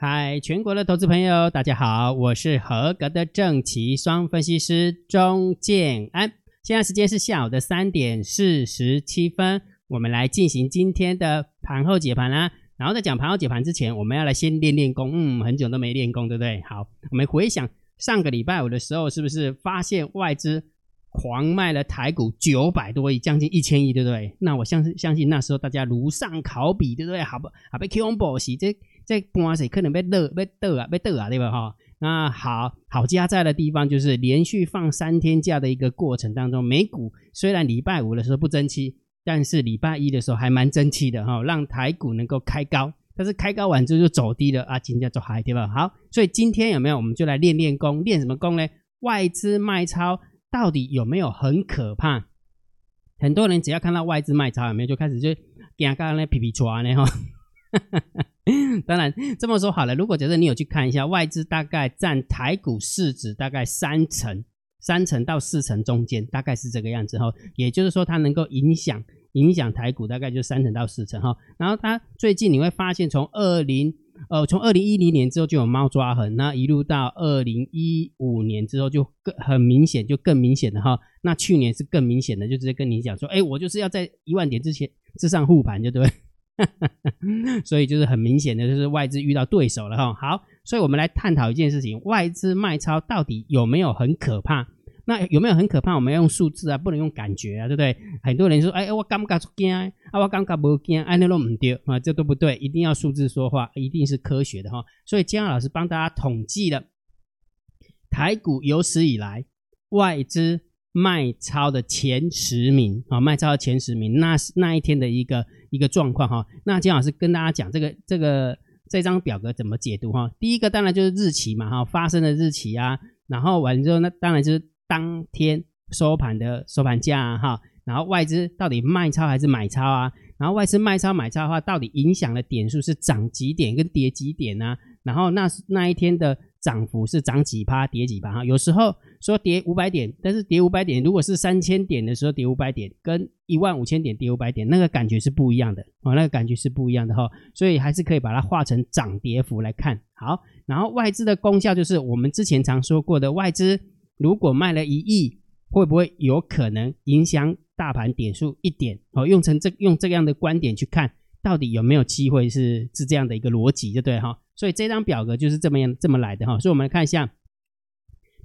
嗨，Hi, 全國的投資朋友，大家好，我是合格的證期雙分析師鍾建安。現在時間是下午的三點四十七分，我們來進行今天的盤後解盤啦、啊。然後在講盤後解盤之前，我們要來先練練功。嗯，很久都沒練功，對不對？好，我們回想上個禮拜五的時候，是不是發現外資狂賣了台股九百多億，將近一千億，對不對？那我相信，相信那時候大家如喪考妣，對不對？好不，好不，被 Qombos 這。在半時可能被熱要抖啊，被抖啊，對吧？哈，那好好家在的地方就是連續放三天假的一個過程當中，美股雖然禮拜五的時候不爭氣，但是禮拜一的時候還蠻爭氣的哈、哦，讓台股能夠開高，但是開高完之後就走低了啊，今天走嗨，對吧？好，所以今天有沒有我們就來練練功，練什麼功呢？外資賣超到底有沒有很可怕？很多人只要看到外資賣超有沒有就開始就尷尬呢，皮皮剉呢哈。呵呵呵當然這麼說好了，如果假設你有去看一下，外資大概佔台股市值大概三成，三成到四成中間，大概是這個樣子哈、哦。也就是說，它能夠影響影響台股大概就三成到四成哈、哦。然後它最近你會發現從 20,、呃，從二零呃從二零一零年之後就有貓抓痕，那一路到二零一五年之後就更很明顯，就更明顯的哈、哦。那去年是更明顯的，就直接跟你講說，哎，我就是要在一萬點之前之上護盤，就對。 所以就是很明顯的，就是外資遇到對手了哈。好，所以我們來探討一件事情：外資賣超到底有沒有很可怕？那有沒有很可怕？我們要用數字啊，不能用感覺啊，對不對？很多人說：“哎哎，我感覺驚，啊我感覺、啊、不驚，安那都唔對啊，這都不對，一定要數字說話，一定是科學的哈。”所以今天老師幫大家統計了台股有史以來外資。賣超的前十名啊，賣超的前十名，啊、賣超前十名，那是那一天的一個一個狀況哈、啊。那金老師跟大家講這個這個這張表格怎麼解讀哈、啊。第一個當然就是日期嘛哈、啊，發生的日期啊，然後完了之後，那當然就是當天收盤的收盤價啊哈、啊啊，然後外資到底賣超還是買超啊？然後外資賣超買超的話，到底影響的點數是漲幾點跟跌幾點呢、啊啊？然後那那一天的漲幅是漲幾趴跌幾趴哈、啊？有時候。說跌五百點，但是跌五百點，如果是三千點的時候跌五百點，跟一萬五千點跌五百點，那個感覺是不一樣的哦，那個感覺是不一樣的哈、哦，所以還是可以把它畫成漲跌幅來看。好，然後外資的功效就是我們之前常說過的，外資如果賣了一億，會不會有可能影響大盤點數一點？哦，用成這用這樣的觀點去看，到底有沒有機會是是這樣的一個邏輯就對，對不對哈？所以這張表格就是這麼樣這麼來的哈、哦，所以我們來看一下。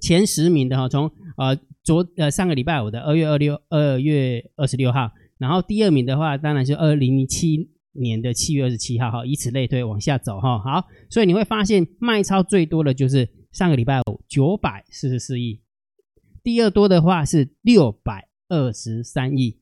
前十名的哈，從呃昨呃上個禮拜五的二月二六二月二十六號，然後第二名的話，當然是二零零七年的七月二十七號哈，以此類推往下走哈。好，所以你會發現賣超最多的就是上個禮拜五九百四十四億，第二多的話是六百二十三億，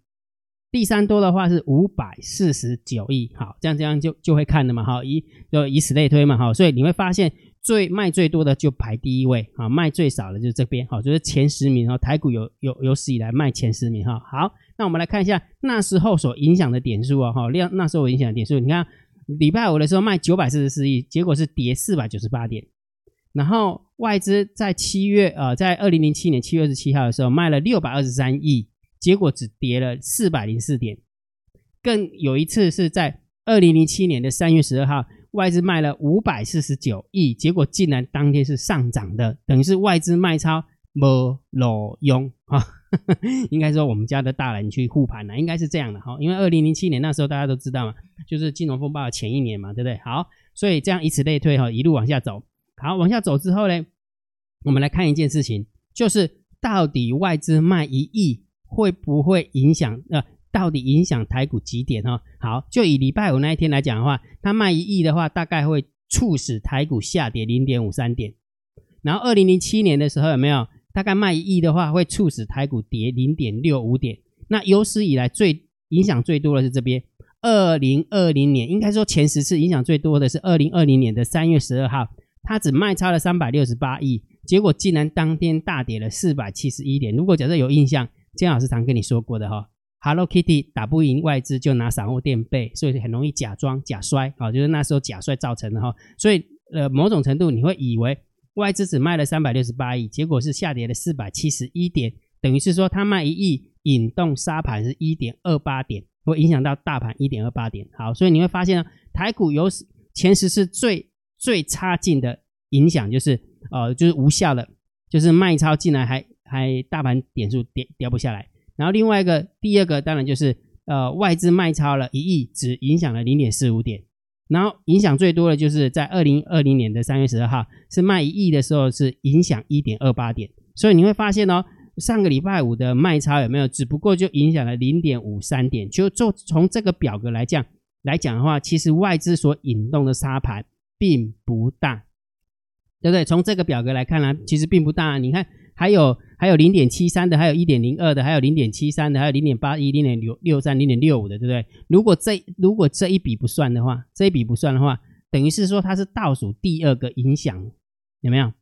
第三多的話是五百四十九億。好，這樣這樣就就會看了嘛，哈，以就以此類推嘛，哈，所以你會發現。最賣最多的就排第一位啊，賣最少的就是這邊，好，就是前十名台股有有有，有史以來賣前十名哈。好，好，那我們來看一下那時候所影響的點數啊，哈，那時候我影響的點數，你看禮拜五的時候賣九百四十四億，結果是跌四百九十八點，然後外資在七月啊、呃，在二零零七年七月二十七號的時候賣了六百二十三億，結果只跌了四百零四點，更有一次是在二零零七年的三月十二號。外資賣了五百四十九億，結果竟然當天是上漲的，等於是外資賣超沒路用。啊，呵呵應該說我們家的大人去護盤了，應該是這樣的哈，因為二零零七年那時候大家都知道嘛，就是金融風暴的前一年嘛，對不對？好，所以這樣以此類推哈，一路往下走，好，往下走之後呢，我們來看一件事情，就是到底外資賣一億會不會影響呃到底影響台股幾點哦？好，就以禮拜五那一天來講的話，它賣一億的話，大概會促使台股下跌零點五三點。然後二零零七年的時候有沒有？大概賣一億的話，會促使台股跌零點六五點。那有史以來最影響最多的是這邊二零二零年，應該說前十次影響最多的是二零二零年的三月十二號，它只賣超了三百六十八億，結果竟然當天大跌了四百七十一點。如果假設有印象，金老師常跟你說過的哈、哦。Hello Kitty 打不贏外資，就拿散戶墊背，所以很容易假裝假摔啊，就是那時候假摔造成的哈。所以呃，某種程度你會以為外資只賣了三百六十八億，結果是下跌了四百七十一點，等於是說他賣一億引動殺盤是一點二八點，會影響到大盤一點二八點。好，所以你會發現呢，台股有前十是最最差勁的影響，就是呃，就是無效的，就是賣超進來還還大盤點數跌跌不下來。然後另外一個第二個當然就是呃外資賣超了一億，只影響了零點四五點。然後影響最多的就是在二零二零年的三月十二號是賣一億的時候是影響一點二八點。所以你會發現哦，上個禮拜五的賣超有沒有？只不過就影響了零點五三點。就就從這個表格來講來講的話，其實外資所引動的殺盤並不大，對不對？從這個表格來看啊，其實並不大啊，你看還有。還有零點七三的，還有一點零二的，還有零點七三的，還有零點八一、零點六六三、零點六五的，對不對？如果這如果這一筆不算的話，這一筆不算的話，等於是說它是倒數第二個影響，有沒有？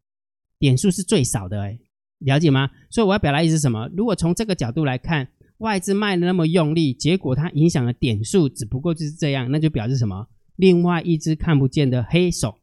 點數是最少的，哎，了解嗎？所以我要表達意思是什麼？如果從這個角度來看，外資賣的那麼用力，結果它影響了點數只不過就是這樣，那就表示什麼？另外一隻看不見的黑手，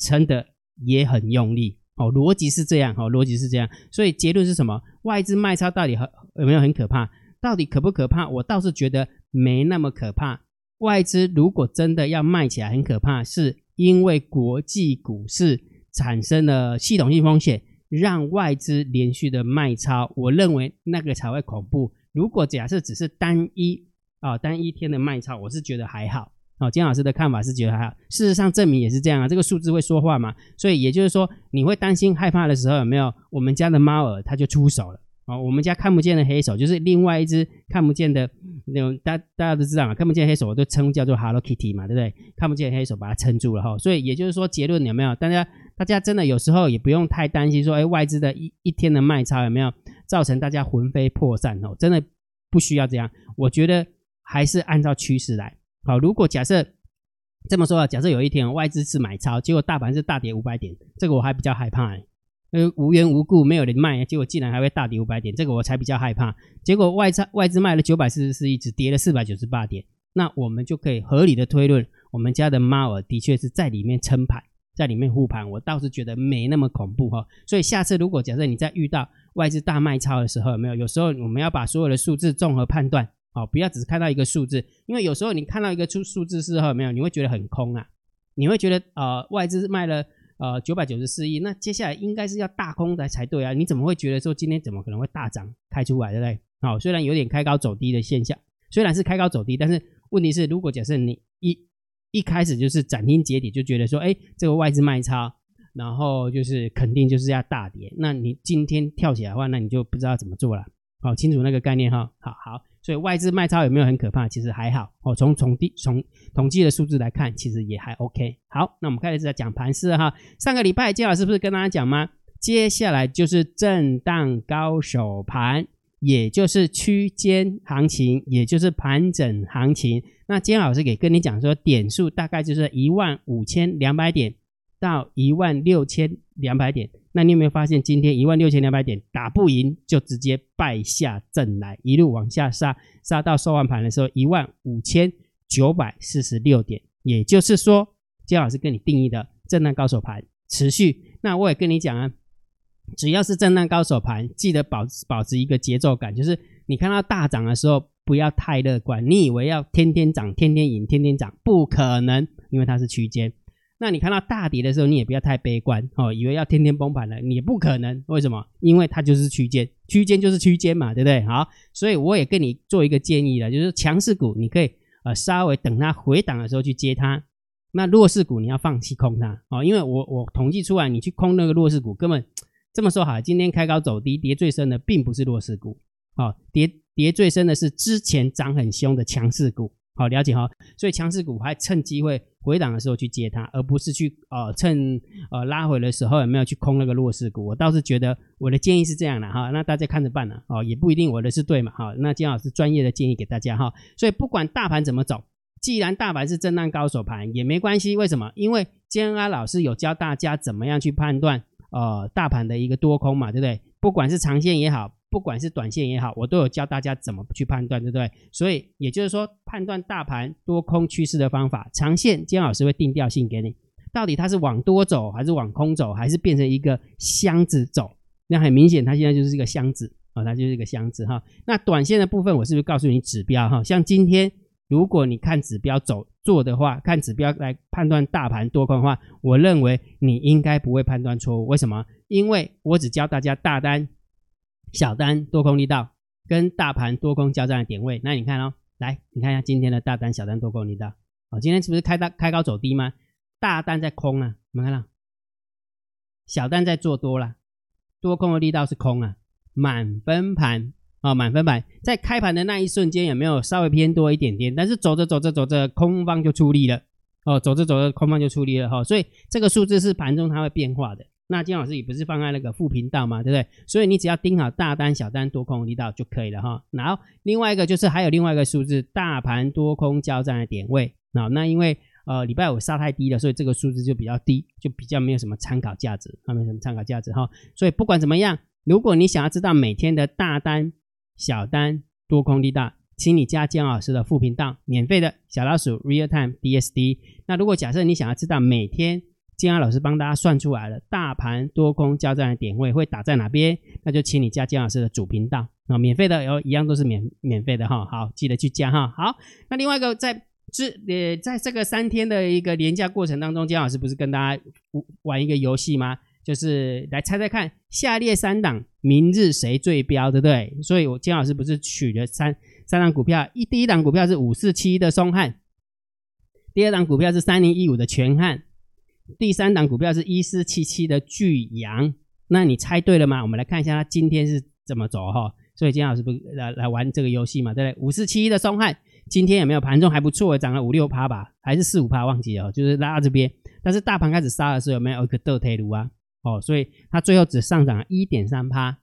撐得也很用力。哦，邏輯是這樣，哦，邏輯是這樣，所以結論是什麼？外資賣超到底很有沒有很可怕？到底可不可怕？我倒是覺得沒那麼可怕。外資如果真的要賣起來很可怕，是因為國際股市產生了系統性風險，讓外資連續的賣超，我認為那個才會恐怖。如果假設只是單一啊，哦，單一天的賣超，我是覺得還好。哦，金老師的看法是覺得還好。事實上，證明也是這樣啊。這個數字會說話嘛？所以也就是說，你會擔心、害怕的時候，有沒有我們家的貓兒，它就出手了。哦，我們家看不見的黑手，就是另外一隻看不見的那種。大家大家都知道嘛，看不見的黑手我都稱叫做 Hello Kitty 嘛，對不對？看不見的黑手把它撐住了哈。所以也就是說，結論有沒有？大家大家真的有時候也不用太擔心說，哎，外資的一一天的賣超有沒有造成大家魂飛魄散哦？真的不需要這樣。我覺得還是按照趨勢來。好，如果假設這麼說啊，假設有一天外資是買超，結果大盤是大跌五百點，這個我還比較害怕、欸，因為、呃、無緣無故沒有人賣，結果竟然還會大跌五百點，這個我才比較害怕。結果外在外資賣了九百四十四億，只跌了四百九十八點，那我們就可以合理的推論，我們家的貓兒的確是在裡面撐盤，在裡面護盤。我倒是覺得沒那麼恐怖哈、哦，所以下次如果假設你在遇到外資大賣超的時候，有沒有？有時候我們要把所有的數字綜合判斷。好，不要只是看到一個數字，因為有時候你看到一個數數字之後，有沒有，你會覺得很空啊，你會覺得呃外資是賣了呃九百九十四億，那接下來應該是要大空的才對啊，你怎麼會覺得說今天怎麼可能會大漲開出來，對不對？好，雖然有點開高走低的現象，雖然是開高走低，但是問題是，如果假設你一一開始就是斬釘截鐵就覺得說，哎，這個外資賣超，然後就是肯定就是要大跌，那你今天跳起來的話，那你就不知道怎麼做了。好，清楚那個概念哈，好好。所以外資賣超有沒有很可怕？其實還好哦。從從低從統計的數字來看，其實也還 OK。好，那我們開始在講盤勢哈。上個禮拜金老師不是跟大家講嗎？接下來就是震盪高手盤，也就是區間行情，也就是盤整行情。那金老師給跟你講說，點數大概就是一萬五千兩百點到一萬六千兩百點。那你有沒有發現，今天一萬六千兩百點打不贏，就直接敗下陣來，一路往下殺，殺到收完盤的時候一萬五千九百四十六點，也就是說，姜老師跟你定義的震盪高手盤持續。那我也跟你講啊，只要是震盪高手盤，記得保保持一個節奏感，就是你看到大漲的時候不要太樂觀，你以為要天天漲、天天贏、天天漲，不可能，因為它是區間。那你看到大跌的時候，你也不要太悲觀哦，以為要天天崩盤了，你也不可能。為什麼？因為它就是區間，區間就是區間嘛，對不對？好，所以我也跟你做一個建議了，就是強勢股你可以呃稍微等它回檔的時候去接它。那弱勢股你要放棄空它哦，因為我我統計出來，你去空那個弱勢股根本這麼說哈，今天開高走低，跌最深的並不是弱勢股，好，跌跌最深的是之前漲很凶的強勢股。好，了解哈、哦，所以強勢股還趁機會。回檔的時候去接它，而不是去啊、呃、趁呃拉回的時候也沒有去空那個弱勢股。我倒是覺得我的建議是這樣的哈，那大家看着辦了、啊、哦也不一定我的是對嘛哈。那建安老師專業的建議給大家哈，所以不管大盤怎麼走，既然大盤是震盪高手盤也沒關係，為什麼？因為建安老師有教大家怎麼樣去判斷呃大盤的一個多空嘛，對不對？不管是長線也好。不管是短線也好，我都有教大家怎麼去判斷，對不對？所以也就是說，判斷大盤多空趨勢的方法，長線姜老師會定調性給你，到底它是往多走還是往空走，還是變成一個箱子走？那很明顯，它現在就是一個箱子啊，它就是一個箱子哈。那短線的部分，我是不是告訴你指標哈？像今天，如果你看指標走做的話，看指標來判斷大盤多空的話，我認為你應該不會判斷錯誤。為什麼？因為我只教大家大單。小單多空力道跟大盤多空交戰的點位，那你看哦，來你看一下今天的大單、小單多空力道。哦，今天是不是開大開高走低嗎？大單在空啊，你們看到？小單在做多了，多空的力道是空啊，滿分盤啊，哦，滿分盤在開盤的那一瞬間也沒有稍微偏多一點點，但是走着走着走着，空方就出力了。哦，走着走着空方就出力了哈，哦，所以這個數字是盤中它會變化的。那姜老師也不是放在那個副頻道嘛，對不對？所以你只要盯好大單、小單、多空力道就可以了哈。然後另外一個就是還有另外一個數字，大盤多空交戰的點位。那那因為呃禮拜五殺太低了，所以這個數字就比較低，就比較沒有什麼參考價值，沒什麼參考價值哈。所以不管怎麼樣，如果你想要知道每天的大單、小單、多空力道，請你加姜老師的副頻道，免費的小老鼠 real time DSD。那如果假設你想要知道每天，建安老師幫大家算出來了，大盤多空交戰的點位會打在哪邊？那就請你加金老師的主頻道，免費的，哦，一樣都是免免費的哈。好，記得去加哈。好，那另外一個在這呃，在這個三天的一個連假過程當中，金老師不是跟大家玩一個遊戲嗎？就是來猜猜看，下列三檔明日誰最標，對不對？所以我金老師不是取了三三檔股票，一第一檔股票是五四七的松翰，第二檔股票是三零一五的全漢。第三檔股票是一四七七的聚陽，那你猜對了嗎？我們來看一下它今天是怎麼走哈。所以今天老師不來來玩這個遊戲嘛？對不對？五四七一的松翰今天有沒有盤中還不錯，漲了五六趴吧，還是四五趴？忘記哦，就是拉這邊。但是大盤開始殺的時候，有沒有一個倒退嚕啊？哦，所以它最後只上漲了一點三趴。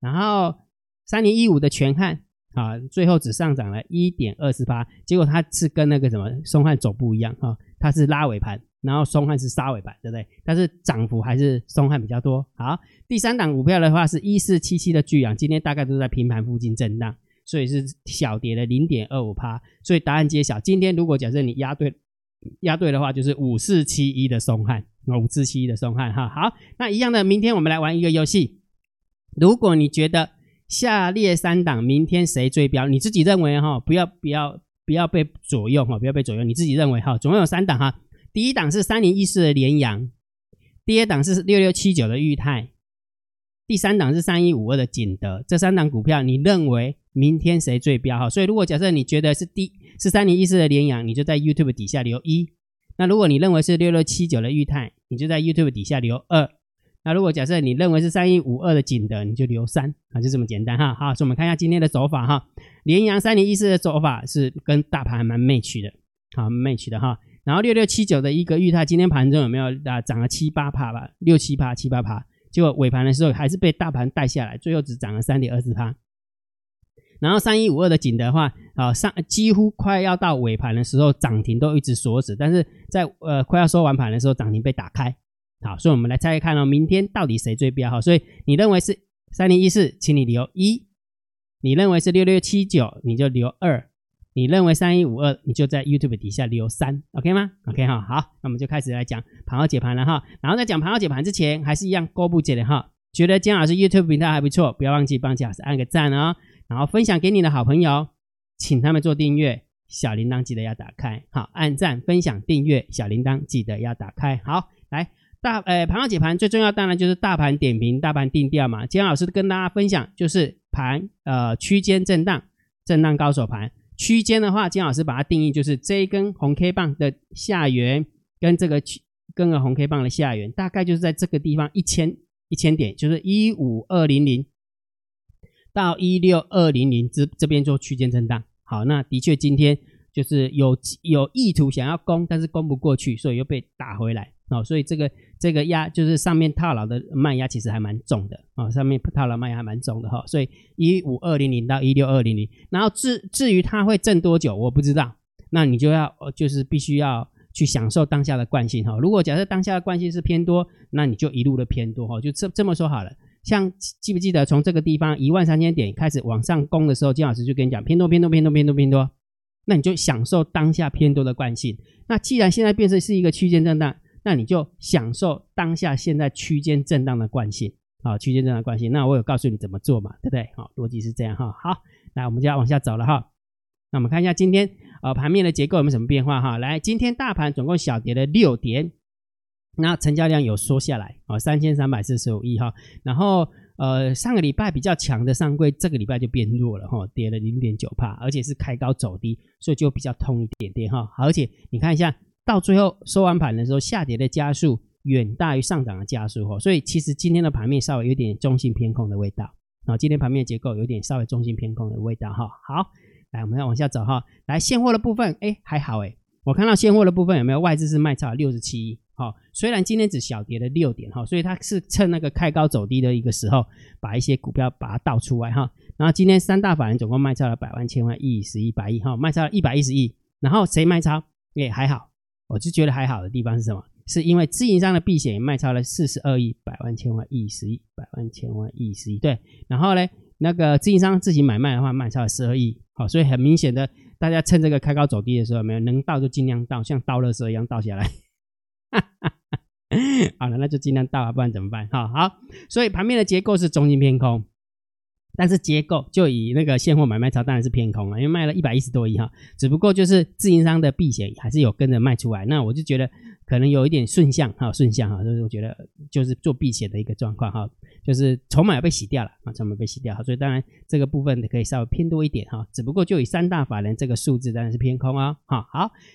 然後三零一五的全漢啊，最後只上漲了一點二四趴。結果它是跟那個什麼松翰走不一樣啊，它是拉尾盤。然後松翰是殺尾板，對不對？但是漲幅還是松翰比較多。好，第三檔股票的話是一四七七的聚陽，今天大概都在平盤附近震盪，所以是小跌了零點二五趴，所以答案揭曉，今天如果假設你押對，押對的話就是五四七一的松翰，五四七一的松翰哈。好，那一樣的，明天我們來玩一個遊戲，如果你覺得下列三檔明天誰最飆，你自己認為哈，不要不要不要被左右哈，不要被左右，你自己認為哈，總共有三檔哈。第一檔是三零一四的聯陽，第二檔是六六七九的鈺太，第三檔是三一五二的璟德。這三檔股票，你認為明天誰最飆哈？所以，如果假設你覺得是第是三零一四的聯陽，你就在 YouTube 底下留一；那如果你認為是六六七九的鈺太，你就在 YouTube 底下留二；那如果假設你認為是三一五二的璟德，你就留三啊，就這麼簡單哈。好、啊，所以我們看一下今天的走法哈。聯陽三零一四的走法是跟大盤還蠻 match 的，好、啊、match 的哈。然後六六七九的一個鈺太，今天盤中有沒有啊78？漲了七八趴吧67，六七趴，七八趴，結果尾盤的時候還是被大盤帶下來，最後只漲了三點二四趴。然後三一五二的璟德的話，啊，上幾乎快要到尾盤的時候漲停都一直鎖死，但是在呃快要收完盤的時候漲停被打開。好，所以我們來猜猜看哦，明天到底誰最比較好？所以你認為是三零一四，請你留一；你認為是六六七九，你就留二。你認為三一五二，你就在 YouTube 底下留三，OK 嗎？OK 哈，好，那我們就開始來講盤後解盤了哈。然後在講盤後解盤之前，還是一樣勾布解的哈。覺得建老師 YouTube 頻道還不錯，不要忘記幫建老師按個讚哦。然後分享給你的好朋友，請他們做訂閱，小鈴鐺記得要打開。好，按讚、分享、訂閱，小鈴鐺記得要打開。好，來大呃盤後解盤最重要當然就是大盤點評、大盤定調嘛。建老師跟大家分享就是盤呃區間震盪、震盪高手盤。區間的話，金老師把它定義就是這一根紅 K 棒的下緣跟這個跟個紅 K 棒的下緣，大概就是在這個地方一千一千點，就是一五二零零到一六二零零這這邊做區間震盪。好，那的確今天就是有有意圖想要攻，但是攻不過去，所以又被打回來。哦，所以這個這個壓就是上面套牢的賣壓其實還蠻重的啊、哦，上面套牢賣壓還蠻重的哈、哦，所以一五二零零到一六二零零，然後至至於它會震多久，我不知道，那你就要就是必須要去享受當下的慣性哈、哦。如果假設當下的慣性是偏多，那你就一路的偏多哈、哦，就這這麼說好了。像記不記得從這個地方一萬三千點開始往上攻的時候，鍾老師就跟你講偏多偏多偏多偏多偏多，偏多，那你就享受當下偏多的慣性。那既然現在變成是一個區間震盪。那你就享受當下現在區間震盪的慣性，區間震盪的慣性。那我有告訴你怎麼做嘛，對不對？好，邏輯是這樣哈。好，好，來，我們就要往下走了哈。那我們看一下今天呃，啊，盤面的結構有沒有什麼變化哈。來，今天大盤總共小跌了六點，那成交量有縮下來啊，三千三百四十五億哈。然後呃上個禮拜比較強的上櫃，這個禮拜就變弱了哈，跌了零點九帕，而且是開高走低，所以就比較痛一點點哈。而且你看一下。到最後收完盤的時候，下跌的加速遠大於上漲的加速哦，所以其實今天的盤面稍微有點中性偏空的味道。那今天盤面結構有點稍微中性偏空的味道哈。好，來，我們要往下走哈。來，現貨的部分，哎，還好哎、欸。我看到現貨的部分有沒有外資是賣超六十七億哈？雖然今天只小跌了六點哈，所以它是趁那個開高走低的一個時候，把一些股票把它倒出來哈。然後今天三大法人總共賣超了百萬千萬億十億百億哈，賣超了一百一十億。然後誰賣超、欸？也還好。我就覺得還好的地方是什麼？是因為自營商的避險也賣超了四十二億百萬千萬億十億百萬千萬億十億，對，然後呢，那個自營商自己買賣的話賣超了十二億，好、哦，所以很明顯的，大家趁這個開高走低的時候，沒有能倒就盡量倒，像倒垃圾一樣倒下來。哈哈哈，好了，那就盡量倒啊，不然怎麼辦？好、哦、好，所以盤面的結構是中性偏空。但是結構就以那個現貨買賣超當然是偏空啊，因為賣了一百一十多億哈，只不過就是自營商的避險還是有跟着賣出來，那我就覺得可能有一點順向哈，順向哈，所以我覺得就是做避險的一個狀況哈，就是籌碼被洗掉了啊，籌碼被洗掉，所以當然這個部分可以稍微偏多一點哈，只不過就以三大法人這個數字當然是偏空啊。好，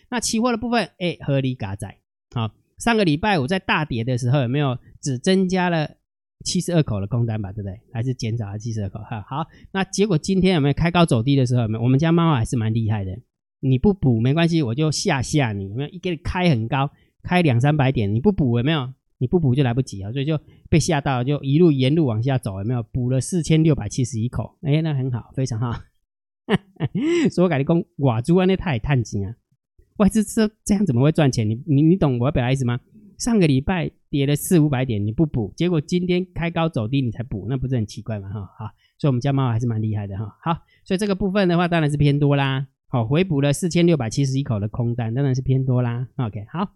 那期貨的部分哎合理嘎仔啊，上個禮拜五在大跌的時候有沒有只增加了？七十二口的空單吧，對不對？還是減少了七十二口。哈，好，好，那結果今天有沒有開高走低的時候？有沒有？我們家貓還是蠻厲害的。你不補沒關係，我就嚇嚇你。有沒有？一給你開很高，開兩三百點，你不補有沒有？你不補就來不及啊，所以就被嚇到，就一路，一路沿路往下走。有沒有？補了四千六百七十一口。哎，那很好，非常好。 所以我感覺講，哇朱瘟的太貪心啊，哇，資這這樣怎麼會賺錢？你你你懂我表達意思嗎？上個禮拜跌了四五百點，你不補，結果今天開高走低，你才補，那不是很奇怪嗎？哈，所以我們家貓還是蠻厲害的哈。好，所以這個部分的話，當然是偏多啦。好，回補了四千六百七十一口的空單，當然是偏多啦。OK，好。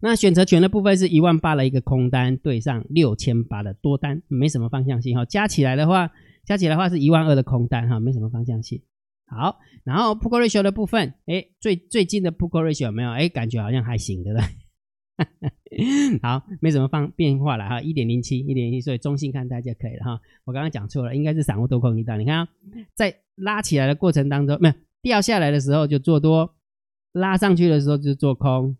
那選擇權的部分是一萬八的一個空單對上六千八的多單，沒什麼方向性哈。加起來的話，加起來的話是一萬二的空單哈，沒什麼方向性。好，然後 Put Call Ratio 的部分，哎，最最近的 Put Call Ratio 有沒有誒？感覺好像還行的了，對不對？ 好，沒什麼放變化了哈、啊，一點零七，一點零七，所以中性看待就可以了哈、啊。我剛剛講錯了，應該是散戶多空力道。你看、哦，在拉起來的過程當中，沒有掉下來的時候就做多，拉上去的時候就做空，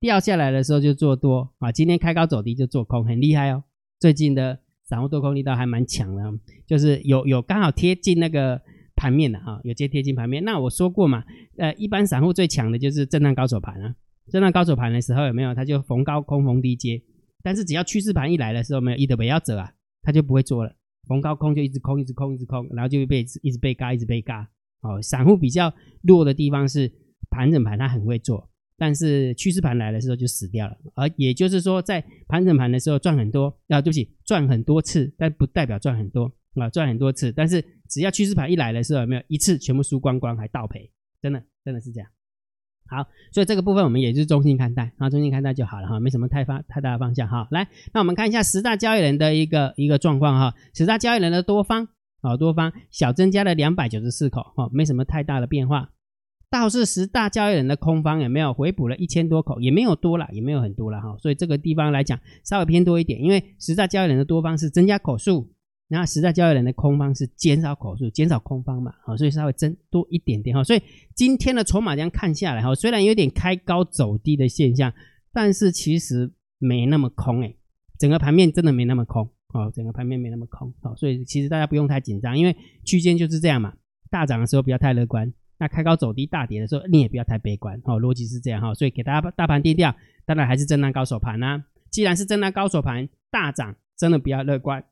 掉下來的時候就做多啊。今天開高走低就做空，很厲害哦。最近的散戶多空力道還蠻強的，就是有有剛好貼近那個盤面的、啊、哈，有直接貼近盤面。那我說過嘛，呃，一般散戶最強的就是震盪高手盤啊。在那高手盤的時候有沒有？他就逢高空逢低接，但是只要趨勢盤一來的時候沒有，一的不要走啊，他就不會做了。逢高空就一直空，一直空，一直空，然後就被一直被軋，一直被軋。哦，散戶比較弱的地方是盤整盤，他很會做，但是趨勢盤來的時候就死掉了。而也就是說，在盤整盤的時候賺很多，啊對不起，賺很多次，但不代表賺很多啊，賺很多次。但是只要趨勢盤一來的時候有沒有一次全部輸光光還倒賠？真的真的是這樣。好，所以這個部分我們也是中性看待啊，中性看待就好了哈，沒什麼太方太大的方向哈、啊。來，那我們看一下十大交易人的一個一個狀況哈、啊，十大交易人的多方，好、啊，多方小增加了兩百九十四口哈、啊，沒什麼太大的變化。倒是十大交易人的空方也沒有回補了一千多口，也沒有多了，也沒有很多了哈、啊。所以這個地方來講稍微偏多一點，因為十大交易人的多方是增加口數。那實在交易人的空方是減少口數，減少空方嘛，好，所以稍微增多一點點哈。所以今天的籌碼這樣看下來哈，雖然有點開高走低的現象，但是其實沒那麼空誒，整個盤面真的沒那麼空哦，整個盤面沒那麼空哦，所以其實大家不用太緊張，因為區間就是這樣嘛。大漲的時候不要太樂觀，那開高走低大跌的時候你也不要太悲觀哦，邏輯是這樣哈。所以給大家大盤定調，當然還是震盪高手盤啊。既然是震盪高手盤，大漲，真的不要樂觀。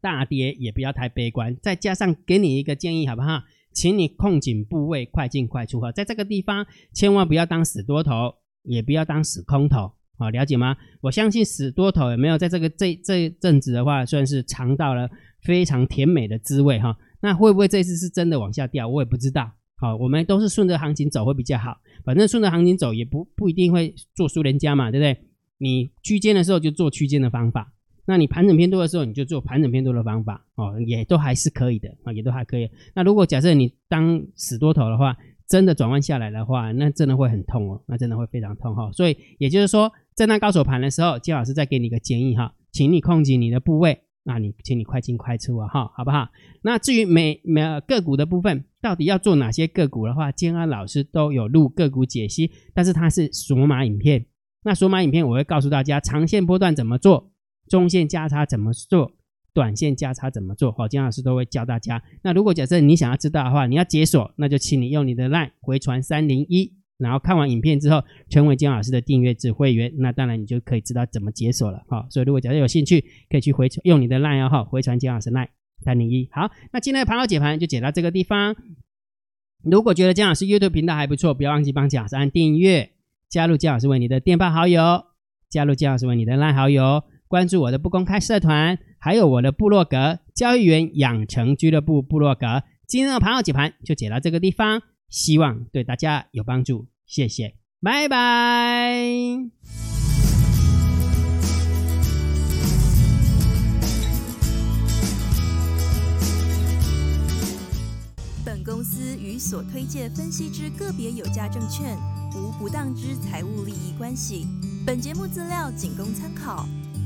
大跌也不要太悲觀，再加上給你一個建議好不好？請你控緊部位，快進快出哈，在這個地方千萬不要當死多頭，也不要當死空頭，好，了解嗎？我相信死多頭也沒有在這個這這一陣子的話，算是嘗到了非常甜美的滋味哈。那會不會這次是真的往下掉？我也不知道。好，我們都是順着行情走會比較好，反正順着行情走也不不一定會做輸人家嘛，對不對？你區間的時候就做區間的方法。那你盤整偏多的時候，你就做盤整偏多的方法哦，也都還是可以的啊，哦，也都還可以。那如果假設你當死多頭的話，真的轉彎下來的話，那真的會很痛哦，那真的會非常痛哈、哦。所以也就是說，在那高手盤的時候，建安老師再給你一個建議哈，請你控制你的部位，那你請你快進快出啊哈，好不好？那至於每每個股的部分，到底要做哪些個股的話，建安老師都有錄個股解析，但是它是數碼影片。那數碼影片我會告訴大家長線波段怎麼做。中線加差怎麼做？短線加差怎麼做？好，金老師都會教大家。那如果假設你想要知道的話，你要解鎖，那就請你用你的 LINE 回傳三零一，然後看完影片之後，成為金老師的訂閱制會員，那當然你就可以知道怎麼解鎖了。好、哦，所以如果假設有興趣，可以去回用你的 LINE 賬、哦、號回傳金老師 LINE 三零一。好，那今天的盤後解盤就解到這個地方。如果覺得金老師 YouTube 頻道還不錯，不要忘記幫金老師按訂閱，加入金老師為你的電報好友，加入金老師為你的 LINE 好友。關注我的不公開社團，還有我的部落格“交易員養成俱樂部”部落格。今天的盤後解盤就解到這個地方，希望對大家有幫助。謝謝，拜拜。本公司與所推薦分析之個別有價證券，無不當之財務利益關係。本節目資料僅供參考。